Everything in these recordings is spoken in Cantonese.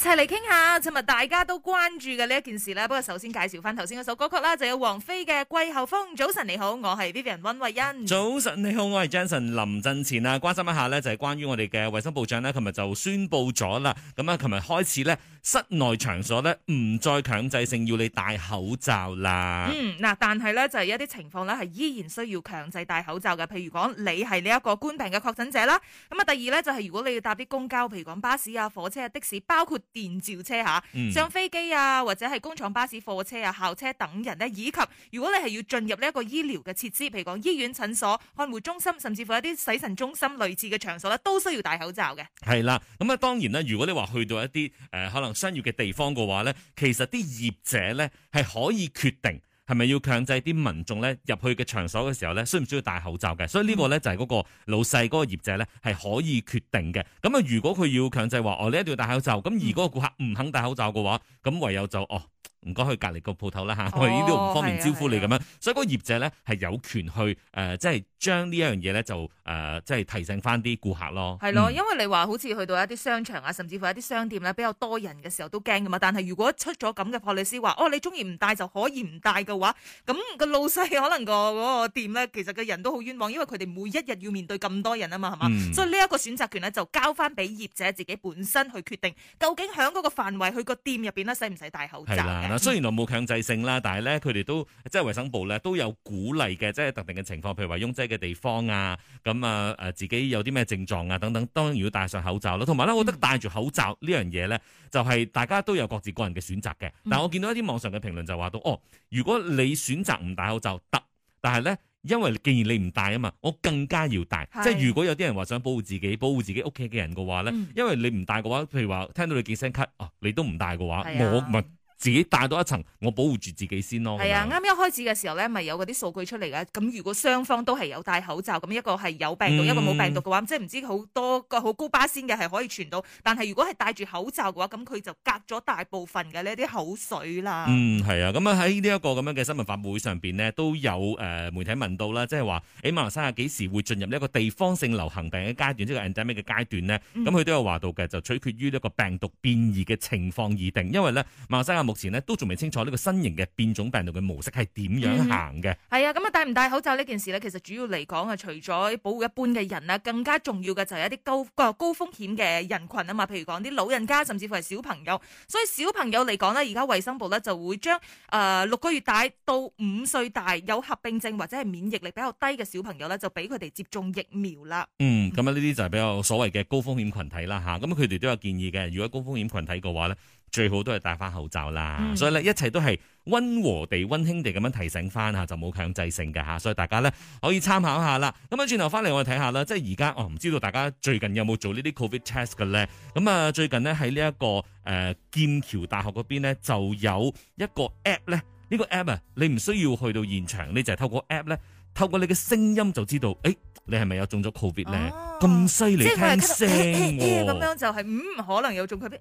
一齊嚟傾下，尋日大家都關注嘅呢一件事咧。不過首先介紹翻頭先嗰首歌曲啦，就有王菲嘅《季候風》。早晨你好，我係 Vivian 溫慧欣。早晨你好，我係 Jason 林振前啊。關心一下呢，就係、是、關於我哋嘅衛生部長呢，尋日就宣布咗啦。咁啊，尋日開始呢，室內場所呢，唔再強制性要你戴口罩啦。嗯，嗱，但係呢，就係、是、一啲情況呢，係依然需要強制戴口罩嘅，譬如講你係呢一個冠病嘅確診者啦。咁啊，第二呢，就係如果你要搭啲公交，譬如講巴士啊、火車啊、的士，包括，電召車吓，上飛機啊，或者係工廠巴士、貨車啊、校車等人咧，以及如果你係要進入呢一個醫療嘅設施，譬如講醫院、診所、看護中心，甚至乎一啲洗腎中心類似嘅場所咧，都需要戴口罩嘅。係啦，咁啊，當然啦，如果你話去到一啲誒、呃、可能商業嘅地方嘅話咧，其實啲業者呢係可以決定。係咪要強制啲民眾咧入去嘅場所嘅時候咧，需唔需要戴口罩嘅？所以呢個咧就係嗰個老細嗰個業者咧係可以決定嘅。咁啊，如果佢要強制話哦，你一定要戴口罩，咁而嗰個顧客唔肯戴口罩嘅話，咁唯有就哦。唔該，去隔離個鋪頭啦吓，我哋呢度唔方便招呼你咁樣，哦啊啊、所以個個業者咧係有權去即係將呢一樣嘢咧就即、是、係、呃就是、提醒翻啲顧客咯。係咯，因為你話好似去到一啲商場啊，甚至乎一啲商店咧比較多人嘅時候都驚噶嘛。但係如果出咗咁嘅 policy 話，哦，你中意唔帶就可以唔帶嘅話，咁、嗰個老細可能個嗰店咧，其實個人都好冤枉，因為佢哋每一日要面對咁多人啊嘛，係嘛、嗯？所以呢一個選擇權咧就交翻俾業者自己本身去決定，究竟喺嗰個範圍去個店入邊咧使唔使戴口罩。嗱，雖然我冇強制性啦，但係咧，佢哋都即係衞生部咧都有鼓勵嘅，即係特定嘅情況，譬如話擁擠嘅地方啊，咁啊，誒自己有啲咩症狀啊等等，當然要戴上口罩咯，同埋咧，我覺得戴住口罩呢樣嘢咧，就係、是、大家都有各自個人嘅選擇嘅。但係我見到一啲網上嘅評論就話到，哦，如果你選擇唔戴口罩得，但係咧，因為既然你唔戴啊嘛，我更加要戴。是即係如果有啲人話想保護自己、保護自己屋企嘅人嘅話咧，因為你唔戴嘅話，譬如話聽到你幾聲咳哦，你都唔戴嘅話，啊、我咪。自己帶多一層，我保護住自己先咯。係啊，啱啱麼一開始嘅時候咧，咪有嗰啲數據出嚟嘅。咁如果雙方都係有戴口罩，咁一個係有病毒，嗯、一個冇病毒嘅話，即係唔知好多個好高巴仙嘅係可以傳到。但係如果係戴住口罩嘅話，咁佢就隔咗大部分嘅呢啲口水啦。嗯，係啊。咁啊喺呢一個咁樣嘅新聞發佈會上邊呢，都有誒媒體問到啦，即係話喺馬來西亞幾時會進入呢一個地方性流行病嘅階段，即係人仔尾嘅階段呢？咁佢都有話到嘅，就取決於呢個病毒變異嘅情況而定。因為呢馬來西亞。目前咧都仲未清楚呢個新型嘅變種病毒嘅模式係點樣行嘅。係、嗯、啊，咁啊戴唔戴口罩呢件事呢？其實主要嚟講啊，除咗保護一般嘅人啊，更加重要嘅就係一啲高高風險嘅人群啊嘛。譬如講啲老人家，甚至乎係小朋友。所以小朋友嚟講呢，而家衛生部呢就會將誒六個月大到五歲大有合併症或者係免疫力比較低嘅小朋友呢，就俾佢哋接種疫苗、嗯嗯、啦。嗯，咁啊呢啲就係比較所謂嘅高風險群體啦吓。咁佢哋都有建議嘅，如果高風險群體嘅話呢。最好都係戴翻口罩啦，嗯、所以咧一切都係溫和地、溫馨地咁樣提醒翻吓，就冇強制性㗎吓，所以大家咧可以參考下啦。咁啊，轉頭翻嚟我哋睇下啦，即係而家我唔知道大家最近有冇做呢啲 COVID test 嘅咧？咁啊，最近呢、這個，喺呢一個誒劍橋大學嗰邊咧，就有一個 app 咧，呢個 app 啊，你唔需要去到現場，你就係透過 app 咧。透過你嘅聲音就知道，誒、欸，你係咪有中咗 COVID 咧？咁犀利聽聲，咁樣就係、是、唔、嗯、可能有中佢別，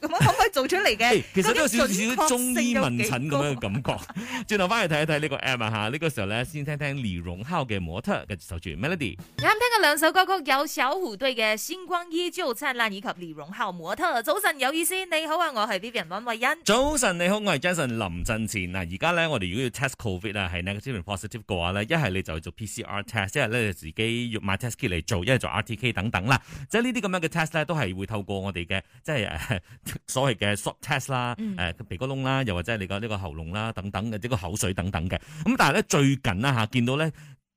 咁樣可唔可以做出嚟嘅、 欸？其實都有少少中醫問診咁樣嘅感覺。轉頭翻去睇一睇呢個 M 啊吓，呢、這個時候咧先聽聽李榮浩嘅模特，跟住守住 Melody。嗯兩首歌曲有小虎隊嘅《星光依舊燦爛》，以及李榮浩《模特》。早晨有意思，你好啊，我係 Vivian 温慧欣。早晨，你好，我係 Jason 林振前。啊而家咧，我哋如果要 test covid 啊，係 negative positive 嘅話咧，一係你就做 PCR test，一係咧就自己要買 test kit 嚟做，一係做 RTK 等等啦。即係呢啲咁樣嘅 test 咧，都係會透過我哋嘅即係誒、呃，所謂嘅 short test 啦、嗯，誒、呃、鼻哥窿啦，又或者係你個呢個喉嚨啦，等等嘅，呢、這個口水等等嘅。咁但係咧，最近啦、啊、吓，見到咧。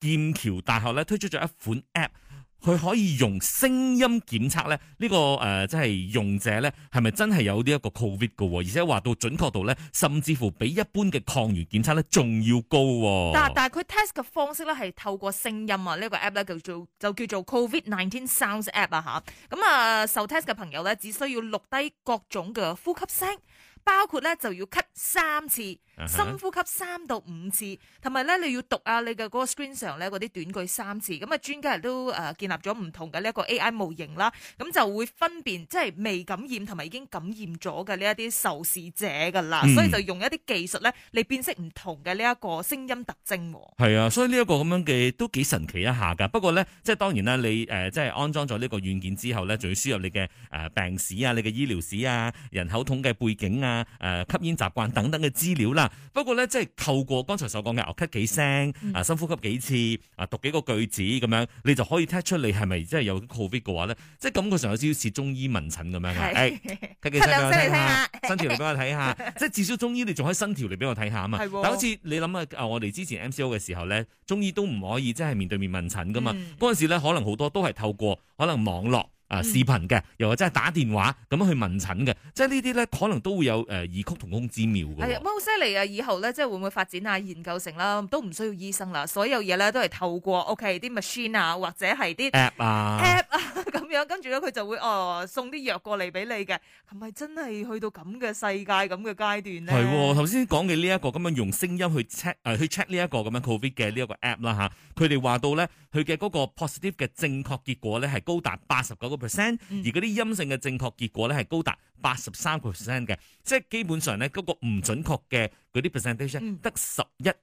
劍橋大學咧推出咗一款 App，佢可以用聲音檢測咧呢、呢個誒，即、呃、係用者咧係咪真係有呢一個 Covid 嘅，而且話到準確度咧，甚至乎比一般嘅抗原檢測咧仲要高，啊但。但但係佢 test 嘅方式咧係透過聲音啊，呢、呢個 App 咧叫做就叫做 Covid Nineteen Sounds App 啊嚇。咁啊，受 test 嘅朋友咧只需要錄低各種嘅呼吸聲，包括咧就要咳三次。深呼吸三到五次，同埋咧你要讀啊你嘅嗰個 screen 上咧嗰啲短句三次。咁啊專家都誒建立咗唔同嘅呢一個 AI 模型啦，咁就會分辨即係未感染同埋已經感染咗嘅呢一啲受試者噶啦。嗯、所以就用一啲技術咧嚟辨識唔同嘅呢一個聲音特徵。係啊，所以呢一個咁樣嘅都幾神奇一下噶。不過咧，即係當然啦，你誒即係安裝咗呢個軟件之後咧，就要輸入你嘅誒病史啊、你嘅醫療史啊、人口統計背景啊、誒、呃、吸煙習慣等等嘅資料啦。啊、不過咧，即係透過剛才所講嘅哦，咳幾聲，啊，深呼吸幾次，啊，讀幾個句子咁樣，你就可以 t 聽出你係咪真係有 Covid 嘅話咧？即係感覺上有少少似中醫問診咁樣嘅是、欸。咳幾聲啊，伸條嚟俾我睇下。即係至少中醫，你仲可以伸條嚟俾我睇下啊嘛。係的，但好似你諗下啊，我哋之前 MCO 嘅時候咧，中醫都唔可以即係面對面問診噶嘛。嗰陣、嗯、時咧，可能好多都係透過可能網絡。啊，視頻嘅，又或者係打電話咁樣去問診嘅，即係呢啲咧，可能都會有誒、呃、異曲同工之妙嘅、哦。係啊、哎，咁好犀利啊！以後咧，即係會唔會發展下研究成啦，都唔需要醫生啦，所有嘢咧都係透過 OK 啲 machine 啊，或者係啲 app 啊，app 啊咁樣，跟住咧佢就會哦送啲藥過嚟俾你嘅，係咪真係去到咁嘅世界咁嘅階段咧？係喎、哦，頭先講嘅呢一個咁樣用聲音去、呃、去 check 啊，去 check 呢一個咁樣 COVID 嘅呢一個 app 啦嚇，佢哋話到咧，佢嘅嗰個 positive 嘅正確結果咧係高達八十九個 percent，而嗰啲陰性嘅正確結果咧係高達八十三 percent 嘅，即係基本上咧嗰個唔準確嘅。嗰啲 presentation 得十一誒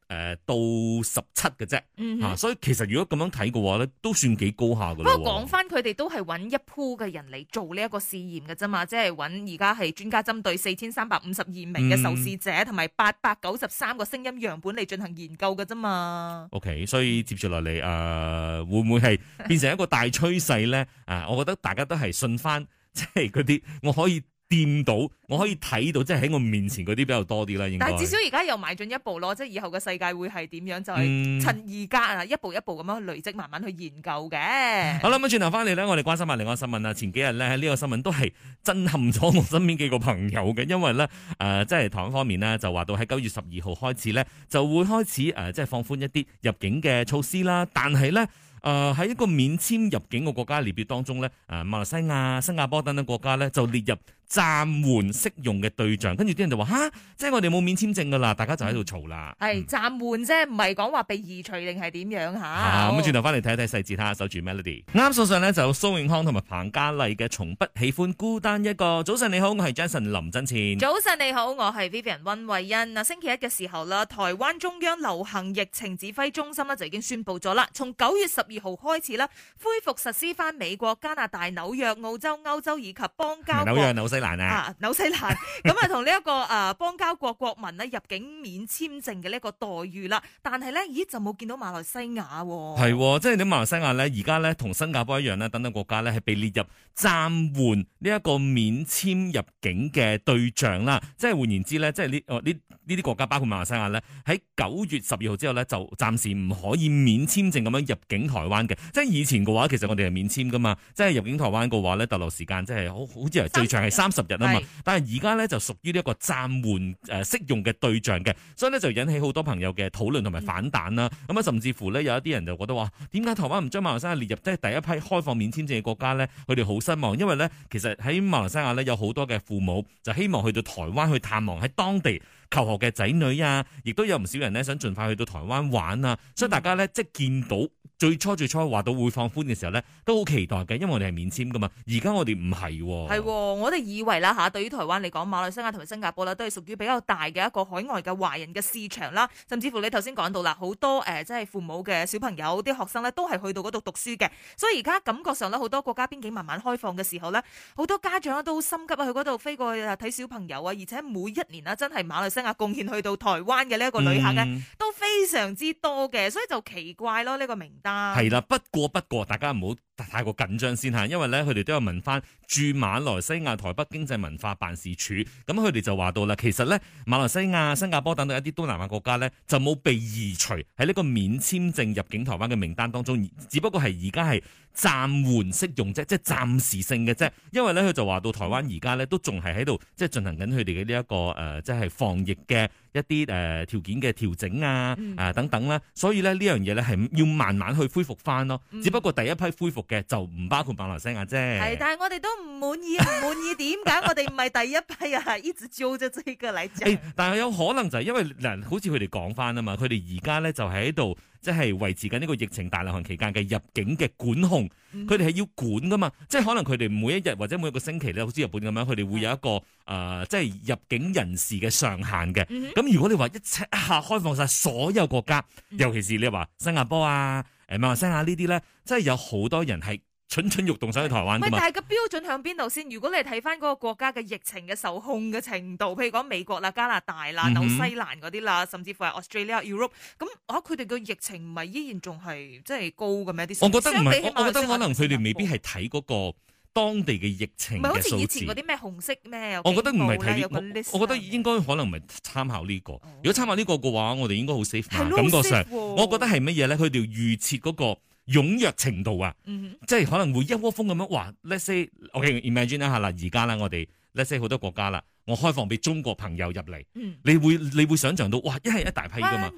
到十七嘅啫，吓、嗯、哼所以其實如果咁樣睇嘅話咧，都算幾高下嘅。不過講翻，佢哋都係揾一鋪嘅人嚟做呢一個試驗嘅啫嘛，即係揾而家係專家針對四千三百五十二名嘅受試者同埋八百九十三個聲音樣本嚟進行研究嘅啫嘛。OK，所以接住落嚟誒，會唔會係變成一個大趨勢咧？誒、 呃，我覺得大家都係信翻，即係嗰啲我可以。掂到我可以睇到，即係喺我面前嗰啲比較多啲啦。應該，但係至少而家又邁進一步咯，即係以後嘅世界會係點樣？就係、是、趁而家啊，一步一步咁樣累積，慢慢去研究嘅、嗯。好啦，咁轉頭翻嚟咧，我哋關心一下另外一個新聞啊。前幾日咧，呢、這個新聞都係震撼咗我身邊幾個朋友嘅，因為咧、呃，即係台灣方面呢，就話到喺九月十二號開始咧，就會開始、呃、即係放寬一啲入境嘅措施啦。但係咧，喺、呃、一個免簽入境嘅國家列表當中咧、呃，馬來西亞、新加坡等等國家咧，就列入暫緩適用嘅對象，跟住啲人就話，吓，即係我哋冇免簽證㗎啦，大家就喺度嘈啦。係暫緩啫，唔係講話被移除定係點樣吓，咁轉頭翻嚟睇一睇細節，睇下守住 Melody。啱數上呢，就有蘇永康同埋彭嘉麗嘅《從不喜歡孤單一個》。早晨你好，我係 Jason 林振前。早晨你好，我係 Vivian 温慧欣。嗱，星期一嘅時候啦，台灣中央流行疫情指揮中心呢，就已經宣布咗啦，從九月十二號開始啦，恢復實施翻美國、加拿大、紐約、澳洲、歐洲以及邦交國。紐約、啊，紐西蘭咁啊，同呢一個誒邦交國國民咧入境免簽證嘅呢一個待遇啦，但係咧，咦就冇見到馬來西亞喎？係、啊，即係你馬來西亞咧，而家咧同新加坡一樣咧，等等國家咧係被列入暫緩呢一個免簽入境嘅對象啦。即係換言之咧，即係呢呢呢啲國家包括馬來西亞咧，喺九月十二號之後咧就暫時唔可以免簽證咁樣入境台灣嘅。即係以前嘅話，其實我哋係免簽噶嘛，即係入境台灣嘅話咧，逗留時間即係好好似係最長係三十日啊嘛，但係而家咧就屬於呢一個暫緩誒適用嘅對象嘅，所以咧就引起好多朋友嘅討論同埋反彈啦。咁啊，甚至乎咧有一啲人就覺得話，點解台灣唔將馬來西亞列入即係第一批開放免簽證嘅國家咧？佢哋好失望，因為咧其實喺馬來西亞咧有好多嘅父母就希望去到台灣去探望喺當地求學嘅仔女啊，亦都有唔少人咧想盡快去到台灣玩啊，所以大家咧即係見到。最初最初話到會放寬嘅時候呢，都好期待嘅，因為我哋係免簽噶嘛。而家我哋唔係，係、哦、我哋以為啦嚇，對於台灣嚟講，馬來西亞同埋新加坡啦，都係屬於比較大嘅一個海外嘅華人嘅市場啦。甚至乎你頭先講到啦，好多誒，即係父母嘅小朋友，啲學生呢，都係去到嗰度讀書嘅。所以而家感覺上呢，好多國家邊境慢慢開放嘅時候呢，好多家長都心急啊，去嗰度飛過去睇小朋友啊。而且每一年啦，真係馬來西亞貢獻去到台灣嘅呢一個旅客呢，嗯、都非常之多嘅。所以就奇怪咯，呢、個名單係啦，不過不過，大家唔好，太，太過緊張先吓，因為咧佢哋都有問翻駐馬來西亞台北經濟文化辦事處，咁佢哋就話到啦，其實咧馬來西亞、新加坡等等一啲東南亞國家咧就冇被移除喺呢個免簽證入境台灣嘅名單當中，只不過係而家係暫緩適用啫，即係暫時性嘅啫。因為咧佢就話到台灣而家咧都仲係喺度即係進行緊佢哋嘅呢一個誒、呃，即係防疫嘅一啲誒、呃、條件嘅調整啊，啊、呃、等等啦，所以咧呢樣嘢咧係要慢慢去恢復翻咯，只不過第一批恢復嘅就唔包括馬來西亞啫，係。但係我哋都唔滿意，唔滿 意，點解？我哋唔係第一批啊， 一直照着這個嚟做，哎。但係有可能就係、是，因為嗱，好似佢哋講翻啊嘛，佢哋而家咧就喺度。即係維持緊呢個疫情大流行期間嘅入境嘅管控，佢哋係要管噶嘛？即係可能佢哋每一日或者每一個星期咧，好似日本咁樣，佢哋會有一個誒、呃，即係入境人士嘅上限嘅。咁、嗯、哼如果你話一切下開放晒所有國家，尤其是你話新加坡啊、誒馬來西亞呢啲咧，即係有好多人係。蠢蠢欲動，想去台灣。喂，但係個標準向邊度先？如果你睇翻嗰個國家嘅疫情嘅受控嘅程度，譬如講美國啦、加拿大啦、紐、嗯、哼西蘭嗰啲啦，甚至乎係 Australia、Europe，咁、嗯、哼啊，佢哋嘅疫情唔係依然仲係即係高嘅咩？啲我覺得唔係，我覺得可能佢哋未必係睇嗰個當地嘅疫情。唔係好似以前嗰啲咩紅色咩？我覺得唔係睇，我覺得應該可能唔係參考呢、這個。哦、如果參考呢個嘅話，我哋應該好 safe。Sa 感覺上，啊、我覺得係乜嘢咧？佢哋預設嗰、那個。踴躍程度啊，嗯、哼即係可能會一窩蜂咁樣哇！Let's say，OK，imagine 啦嚇，嗱，而家咧，我哋。l e 好多國家啦，我開放俾中國朋友入嚟，嗯，你會你會想像到，哇，一係一大批噶嘛，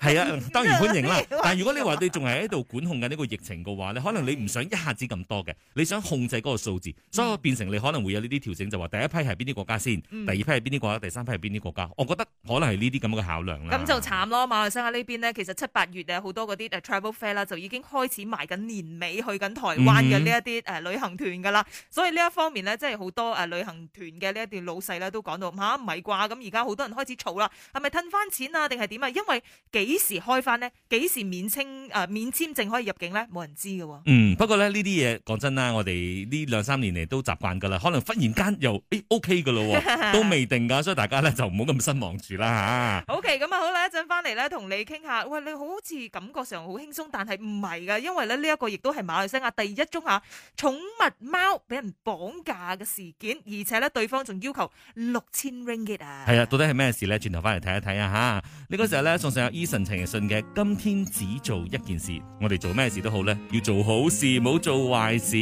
係迎啊，當然歡迎啦。嗯、但係如果你話你仲係喺度管控緊呢個疫情嘅話，你、嗯、可能你唔想一下子咁多嘅，你想控制嗰個數字，所以變成你可能會有呢啲調整，就話第一批係邊啲國家先，嗯、第二批係邊啲國家，第三批係邊啲國家。我覺得可能係呢啲咁嘅考量啦。咁就慘咯，馬來西亞呢邊呢？其實七八月啊好多嗰啲誒 travel fair 啦，就已經開始賣緊年尾去緊台灣嘅呢一啲誒旅行團噶啦，嗯、所以呢一方面呢，即係好多誒旅行。嘅呢一段老細咧都講到吓唔係啩咁而家好多人開始吵啦係咪褪翻錢啊定係點啊因為幾時開翻呢？幾時免簽啊、呃、免簽證可以入境呢？冇人知嘅、啊、嗯不過咧呢啲嘢講真啦我哋呢兩三年嚟都習慣噶啦可能忽然間又誒、欸、OK 噶咯都未定噶所以大家咧就唔好咁失望住啦吓 OK 咁啊好啦一陣翻嚟咧同你傾下喂你好似感覺上好輕鬆但係唔係噶因為咧呢一個亦都係馬來西亞第一宗吓、啊、寵物貓俾人綁架嘅事件而且咧。對方仲要求六千 ringgit 啊！係啊，到底係咩事咧？轉頭翻嚟睇一睇啊吓！呢個時候咧，送上阿 Eason 陳奕迅嘅《今天只做一件事》，我哋做咩事都好咧，要做好事，唔好做壞事。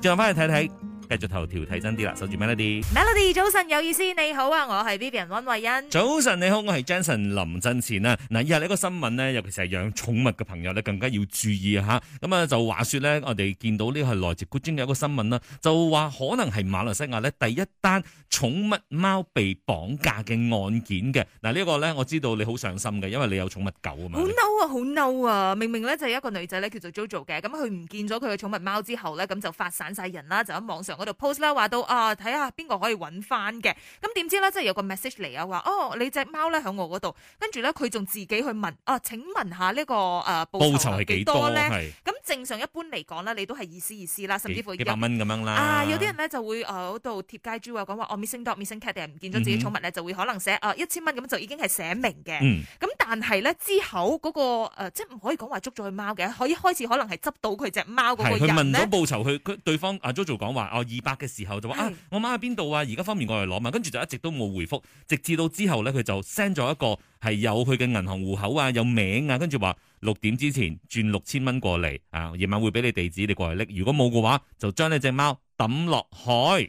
轉頭翻嚟睇睇。繼續頭條睇真啲啦，守住 Melody。Melody，早晨有意思，你好啊，我係 Vivian 溫慧欣。早晨你好，我係 Jason 林振前啊。嗱，今日呢個新聞呢，尤其是係養寵物嘅朋友呢，更加要注意啊吓。咁啊，就話說呢，我哋見到呢係來自古嘅一個新聞啦，就話可能係馬來西亞呢第一單寵物貓被綁架嘅案件嘅。嗱，呢個呢，我知道你好上心嘅，因為你有寵物狗啊嘛。好嬲啊！好嬲啊！明明呢，就係一個女仔呢叫做 JoJo 嘅，咁佢唔見咗佢嘅寵物貓之後呢，咁就發散晒人啦，就喺網上。度 post 啦，話到啊，睇下邊個可以揾返嘅。咁點知咧，即係有個 message 嚟啊，話哦，你隻貓咧響我度，跟住咧佢仲自己去問啊、呃，請問下呢、這個誒、呃、報酬係幾多咧？係咁。正常一般嚟講咧，你都係意思意思啦，甚至乎一幾百蚊咁樣啦。啊，有啲人咧就會誒嗰度貼街豬啊，講話我 missing dog、missing cat，定唔見咗自己寵物咧，嗯、哼就會可能寫啊一千蚊咁就已經係寫明嘅。咁、嗯、但係咧之後嗰、嗰個誒、呃、即係唔可以講話捉咗佢貓嘅，可以開始可能係執到佢隻貓嗰個人佢問咗報酬去，佢佢對方阿、啊、JoJo 講話哦二百嘅時候就話啊我貓喺邊度啊，而家、啊、方便我嚟攞嘛，跟住就一直都冇回覆，直至到之後咧佢就 send 咗一個係有佢嘅銀行戶口啊有名啊，跟住話。六點之前轉六千蚊過嚟啊！夜晚會俾你地址，你過嚟拎。如果冇嘅話，就將你隻貓抌落海。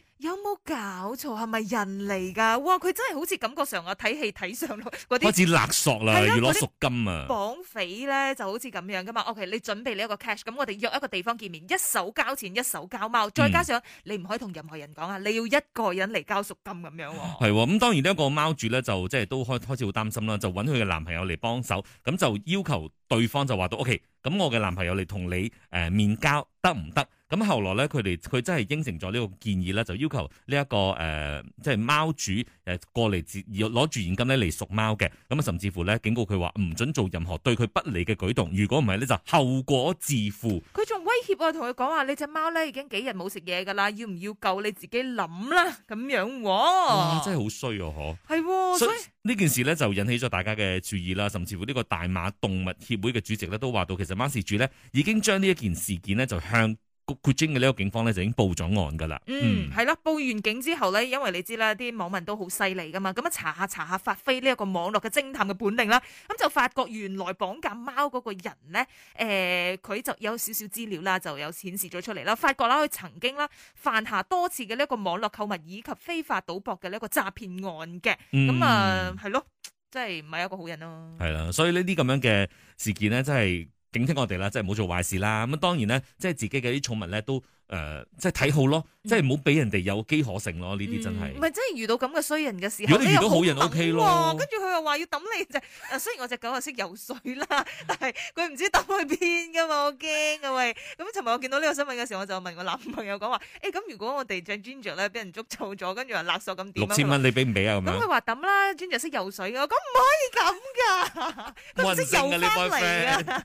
都搞錯，係咪人嚟噶？哇！佢真係好似感覺上啊，睇戲睇上落嗰啲，好似勒索啦，要攞贖金啊！綁匪咧就好似咁樣噶嘛。OK，你準備呢一個 cash，咁我哋約一個地方見面，一手交錢一手交貓，再加上、嗯、你唔可以同任何人講啊，你要一個人嚟交贖金咁樣。係咁、啊嗯，當然這貓呢一個貓主咧就即係都開開始好擔心啦，就揾佢嘅男朋友嚟幫手，咁就要求對方就話到 OK。咁我嘅男朋友嚟同你面交得唔得？咁後來咧，佢哋佢真係應承咗呢個建議咧，就要求呢、這、一個即係、呃就是、貓主誒過嚟自攞住現金咧嚟贖貓嘅。咁啊，甚至乎咧警告佢話唔准做任何對佢不利嘅舉動，如果唔係咧就後果自負。佢仲威脅我、啊，同佢講話：你隻貓咧已經幾日冇食嘢㗎啦，要唔要救你自己諗啦咁樣、啊。哇！真係好衰嗬。係喎、哦，所以呢件事咧就引起咗大家嘅注意啦，甚至乎呢個大馬動物協會嘅主席咧都話到其實事主咧已經將呢一件事件咧就向古晉嘅呢個警方咧就已經報咗案噶啦。嗯，係咯、嗯，報完警之後咧，因為你知啦，啲網民都好犀利噶嘛，咁啊查下查下，發揮呢一個網絡嘅偵探嘅本領啦。咁就發覺原來綁架貓嗰個人咧，誒、呃，佢就有少少資料啦，就有顯示咗出嚟啦。發覺啦，佢曾經啦犯下多次嘅呢一個網絡購物以及非法賭博嘅呢一個詐騙案嘅。咁、嗯、啊，係咯，即係唔係一個好人咯。係啦，所以呢啲咁樣嘅事件咧，真係。警惕我哋啦，即係唔好做壞事啦。咁當然咧，即係自己嘅啲寵物咧都誒、呃，即係睇好咯，嗯、即係唔好俾人哋有機可乘咯。呢啲真係唔係真係遇到咁嘅衰人嘅時候，如果你遇到好人 O K 咯。跟住佢又話要抌你隻，誒 雖然我隻狗又識游水啦，但係佢唔知抌去邊噶嘛，我驚啊喂。咁尋日我見到呢個新聞嘅時候，我就問我男朋友講話：，誒、欸、咁如果我哋隻 Ginger 咧俾人捉走咗，跟住話勒索咁點？樣樣啊、六千蚊說你俾唔俾啊？咁佢話抌啦，Ginger 識游水嘅，咁唔可以咁噶。都識游翻嚟嘅。啊、來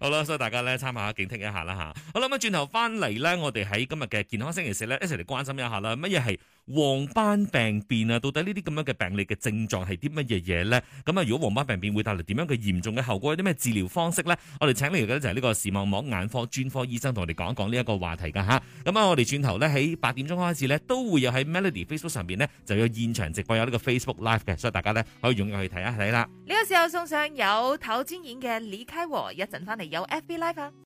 好啦，所以大家咧，參考下警惕一下啦吓。好啦，咁轉頭翻嚟咧。我哋喺今日嘅健康星期四咧，一齊嚟關心一下啦。乜嘢係黃斑病變啊？到底呢啲咁樣嘅病例嘅症狀係啲乜嘢嘢咧？咁啊，如果黃斑病變會帶嚟點樣嘅嚴重嘅後果？有啲咩治療方式咧？我哋請嚟嘅就係呢個視網膜眼科專科醫生同我哋講一講呢一個話題噶吓。咁啊，我哋轉頭咧喺八點鐘開始咧，都會有喺 Melody Facebook 上邊咧就有現場直播有呢個 Facebook Live 嘅，所以大家咧可以踴躍去睇一睇啦。呢個時候送上有頭專演嘅李開和，一陣翻嚟有 FB Live 啊。